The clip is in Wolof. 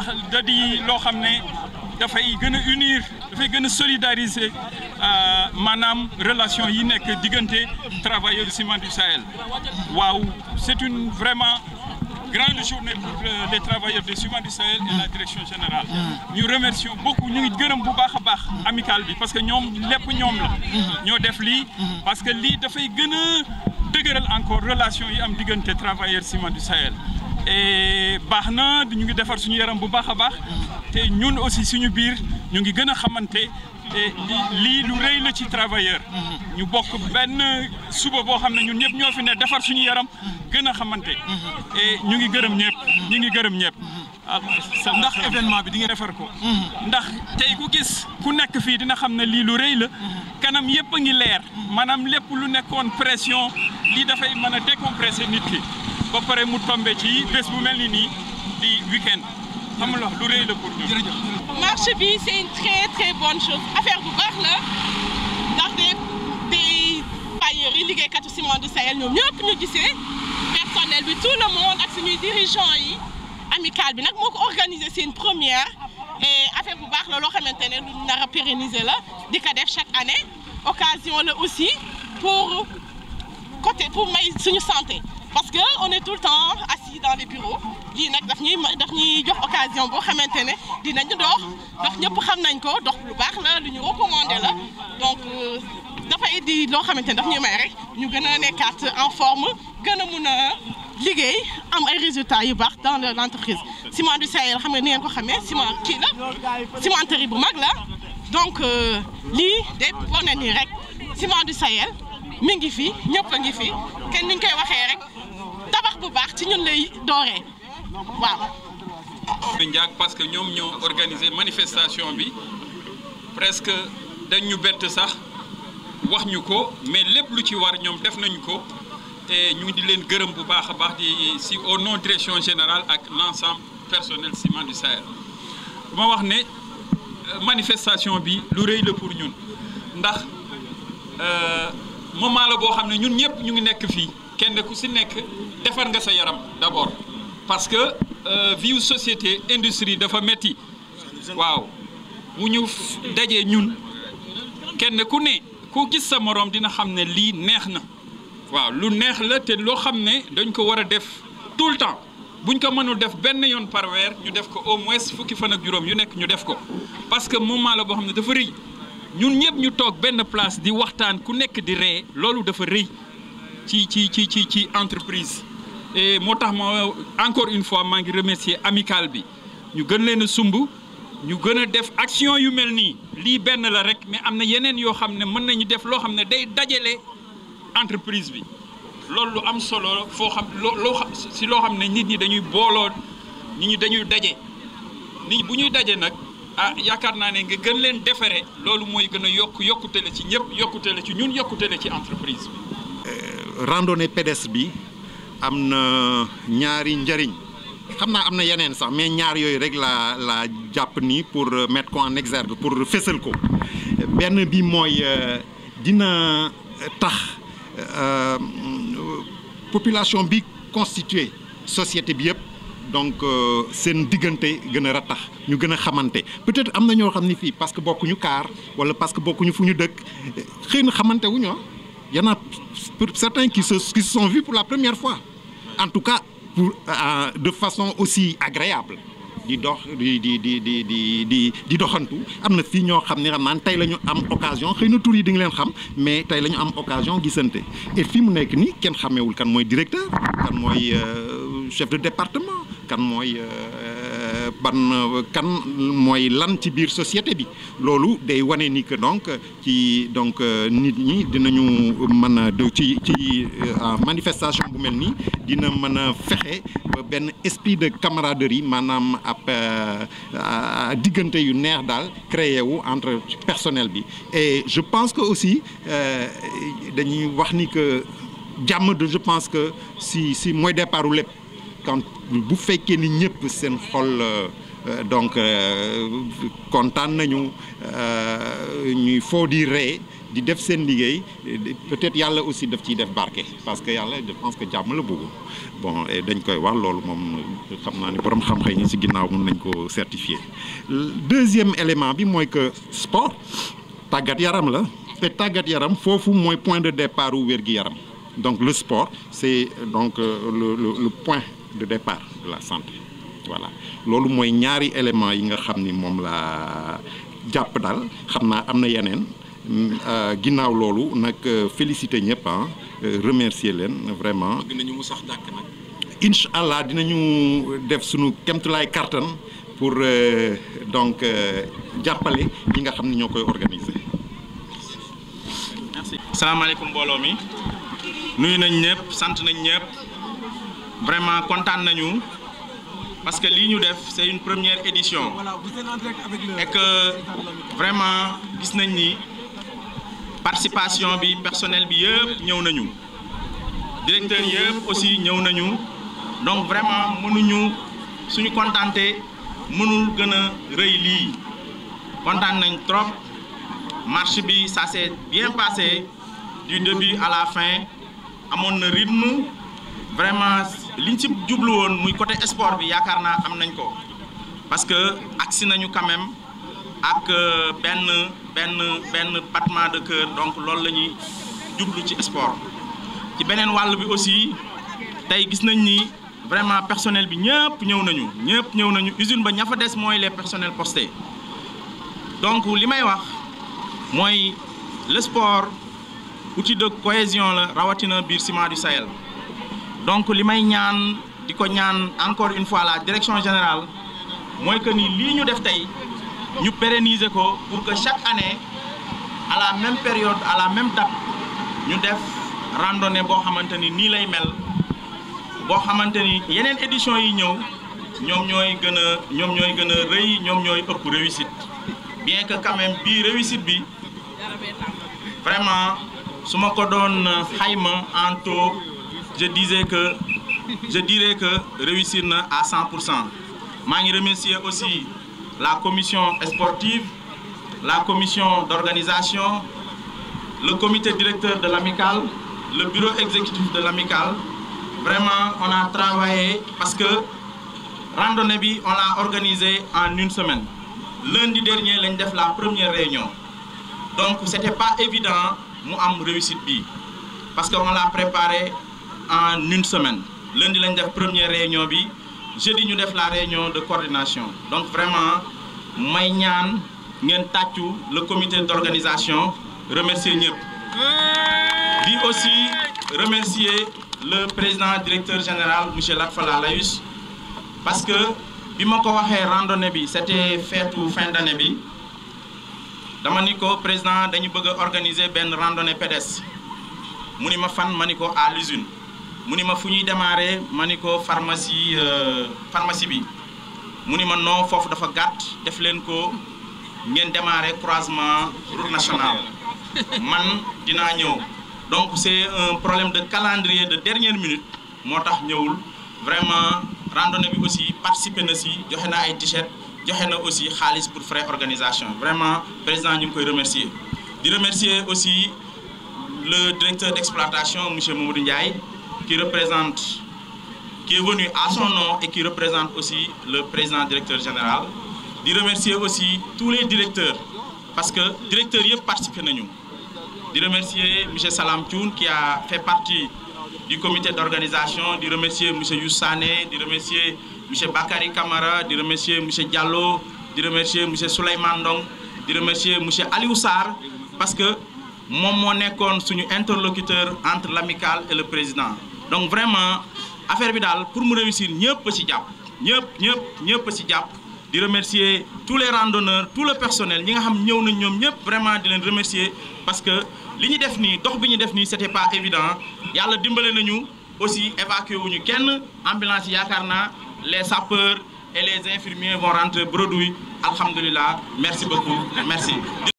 ndax da loo xam ne dafay gën a unir dafay gën a solidariser euh, maanaam relation yi nekk diggante travailleurs de ciment du Sahel waaw c'est une vraiment grande journée pour euh, les travailleurs du ciment du Sahel et la direction générale ñu remercions beaucoup ñu ngi gërëm bu baax a baax amicale bi parce que ñoom lépp ñoom la ñoo def lii parce que lii dafay gën dëgëral encore relation yi am diggante travailleurs ciment du Sahel et baax na ñu ngi defar suñu yaram bu baax a baax te ñun aussi suñu biir ñu ngi gën a xamante lii lu rëy la ci travailleur ñu bokk benn suba boo xam ne ñun ñëpp ñoo fi ne defar suñu yaram gën a xamante et ñu ngi gërëm ñëpp ñu ngi gërëm ñëpp ndax événement bi di ngeen defar ko ndax tey ku gis ku nekk fii dina xam ne lii lu rëy la kanam yëpp a ngi leer maanaam lépp lu nekkoon pression lii dafay mën a décompressé nit ki ba pare mu tombe ci bés bu mel ni nii di week-end xam nga lu rëy la pour ñu marché bi c'est une très très bonne chose affaire bu baax la ndax des des bailleurs yi liggéeykatu ciment du Sahel ñoom ñëpp ñu gisee personnel bi tout le monde ak suñuy dirigeants yi amicale bi nag moo ko organiser seen première et affaire bu baax la loo xamante ne lu nar a la di ko def chaque année occasion la aussi pour côté pour may suñu santé parce que on est tout le temps assis dans les bureaux lii nag daf ñuy daf ñuy jox occasion boo xamante ne dinañu dox dox ñëpp xam nañ ko dox lu baax la lu ñu recommandé la donc euh, dafay di loo xamante ne daf ñuy may rek ñu gën a nekkaat en forme gën a mun a liggéey am ay résultats yu baax dans l' entreprise ciment du Sahel xam ne ni ngeen ko xamee ciment kii la cimenterie bu mag la donc euh, lii day wane nii rek ciment du sayel mi ngi fi ñëpp a ngi fi kenn ni ñu koy waxee rek tabax bu baax ci ñun lay dooree waaw. Ndiak parce que ñoom ñoo organiser manifestation bi presque dañ ñu bett sax wax ñu ko mais lépp lu ci war ñoom def nañu ko. te ñu ngi di leen gërëm bu baax a baax di si au nom direction générale ak l'ensemble personnel ciment du Sahel ma wax ne euh, manifestation bi lu rëy la pour ñun ndax euh, moment la boo xam ne ñun ñëpp ñu ngi nekk fii kenn ku si nekk defar nga sa yaram d'abord parce que euh, vie société industrie dafa metti waaw mu ñu dajee ñun kenn ku ne ku gis sa moroom dina xam ne lii neex na waaw lu neex la te loo xam ne dañ ko war a def tout le temps buñ ko mënul def benn yoon par weer ñu def ko au moins fukki fan ak juróom yu nekk ñu def ko parce que moment la boo xam ne dafa rëy ñun ñëpp ñu toog benn place di waxtaan ku nekk di ree loolu dafa rëy ci ci ci ci ci entreprise et moo tax ma encore une fois maa ngi remercier amicale bi ñu gën leen sumb ñu gën a def action yu mel nii lii benn la rek mais am na yeneen yoo xam ne mën nañu def loo xam ne day dajale entreprise bi loolu lu am solo foo xam loo xam si loo xam ne nit ñi dañuy booloo nit ñi dañuy daje nit bu ñuy daje nag a ah, yaakaar naa ne nga gën leen defare loolu mooy gën a yokk yokkute la ci ñëpp yokkute la ci ñun yokkute ci entreprise bi. Euh, randonnée pédestre bi am na ñaari njariñ xam naa am na yeneen sax mais ñaar yooyu rek laa laa jàpp ni pour euh, mettre ko en exergue pour fësal ko benn bi mooy euh, dina tax. Euh, population bi constituée société bi yëpp donc euh, seen diggante gën a ratax ñu gën a xamante peut-être am na ñoo xam ne fii parce que bokkuñu kaar wala parce que bokkuñu fu ñu dëkk xëy na xamantewuñoo wuñu ah. y en a certains qui se qui se pour la première fois en tout cas pour euh, de façon aussi agréable di dox di di di di di di di doxantu am na fii ñoo xam ne xam naan tey la ñu am occasion xëy na tur yi di nga leen xam mais tey lañu am occasion gisante et fii mu nekk nii kenn xameewul kan mooy directeur kan mooy euh, chef de département kan mooy euh, ban euh, kan mooy lan ci biir société bi loolu day wane ni que donc ci donc euh, nit ñi dinañu mën a ci ci euh, manifestation bu mel nii dina mën a fexe ba benn esprit de camaraderie maanaam ab diggante yu neex daal créé wu entre personnel bi et je pense que aussi dañuy wax ni que jàmm de je pense que si si mooy départu lépp. quand bu fekkee ni ñëpp seen xol euh, euh, donc euh, kontaan nañu ñuy foo di ree di def seen liggéey peut-être yàlla aussi daf ciy def barke parce que yàlla je pense que jàmm la bëgg bon dañ koy wax loolu moom xam naa ne borom xam-xam yi ci ginnaaw mën nañ ko certifier deuxième élément bi mooy que sport tàggat yaram la te tàggat yaram foofu mooy point de départ wu wér-gi yaram donc le sport c'est donc le, le, le point de départ de la santé voilà loolu mooy ñaari éléments yi nga xam ni moom la jàpp daal xam naa am na yeneen euh, ginnaaw loolu nag euh, félicité ñëpp ah remercier leen vraiment. bëgg nañu mu sax dàkk nag. incha dinañu def suñu kemtulaay kartan pour donc jàppale ñi nga xam ni ñoo koy organiser. merci. salaamaaleykum mbooloo mi nuyu nañ ñëpp sant nañ ñëpp. vraiment kontaan nañu parce que lii ñu def c'est une première édition et que vraiment gis nañ ni participation bi personnel bi yëpp ñëw nañu directeur yëpp aussi ñëw nañu donc vraiment mënuñu suñu kontaante mënul gën a rëy lii kontaan nañ trop marche bi ça s'est bien passé du début à la fin amoon na rythme vraiment liñ ci jublu woon muy côté sport bi yaakaar naa am nañ ko parce que agsi nañu quand même ak euh, benn benn benn battement de cœur donc loolu la ñuy jublu ci sport ci beneen wàll bi aussi tey gis nañ ni vraiment personnel bi ñëpp ñëw nañu ñëpp ñëw nañu usine ba ña fa des mooy les personnels postés donc li may wax mooy le sport outil de cohésion la rawatina biir ciment du Sahel donc li may ñaan di ko ñaan encore une fois la direction générale mooy que ni lii ñu def tey ñu pérenniser ko pour que chaque année à la même période à la même date ñu def randonnée boo xamante ni nii lay mel boo xamante ni yeneen édition yi ñëw ñoom ñooy gën a ñoom ñooy gën a rëy ñoom ñooy ëpp réussite bien que quand même bii réussite bi vraiment su ma ko doon xayma en taux je disais que je dirais que réussir na à 100 pour cent maa ngi remercier aussi la commission sportive la commission d'organisation le comité directeur de l'amicale le bureau exécutif de l'amicale vraiment on a travaillé parce que randonnée bi on l'a organisée en une semaine lundi dernier lañ def la première réunion donc c'était pas évident mu am réussite bi parce que on l'a préparé en une semaine leen di lañ def première réunion bi jeudi ñu def la réunion de coordination donc vraiment may ñaan ngeen tàccu le comité d'organisation remercier ñëpp di aussi remercier le président directeur général monsieur Latfala Layus parce que bi ma ko waxee randonnée bi c'était feetu fin d'année bi dama ni ko président dañu bëgg a organiser benn randonnée pédestre mu ni ma fan ma ni ko à l'usine mu ni ma fu ñuy démarrer ma ni ko pharmacie euh, pharmacie bi mu ni ma noo foofu dafa gàtt def leen ko ngeen démarrer croisement route nationale man dinaa ñëw donc c'est un problème de calendrier de dernière minute moo tax ñëwul vraiment randonnée bi aussi participer na si joxe na ay t-shirt joxe na aussi xaalis pour frais organisation vraiment président ñu ngi koy remercier di remercier aussi le directeur d'exploitation monsieur Mamadou Ndiaye qui représente, qui est venu à son nom et qui représente aussi le président directeur général. di remercier aussi tous les directeurs parce que directeurs yëpp participé nañu. di remercier monsieur Salam Thioune qui a fait partie du comité d'organisation di remercier monsieur Youssou Sané di remercier monsieur Bakary Camara di remercier monsieur Diallo di remercier monsieur Souleymane Ndong di remercier monsieur Aliou Sarr parce que moom moo nekkoon suñu interlocuteur entre l'amicale et le président donc vraiment affaire bi daal pour mu réussir ñëpp a ci jàpp ñëpp ñëpp ñëpp a ci jàpp di remercier tous les randonneurs tout le personnel ñi nga xam ñëw nañ ñoom ñëpp vraiment di leen remercier parce que li ñu def nii dox bi ñu def nii c'était pas évident yàlla dimbale nañu aussi évacué wuñu kenn ambulance yaakaar na les sapeurs et les infirmiers vont rentrer bredouille alhamdulilah merci beaucoup merci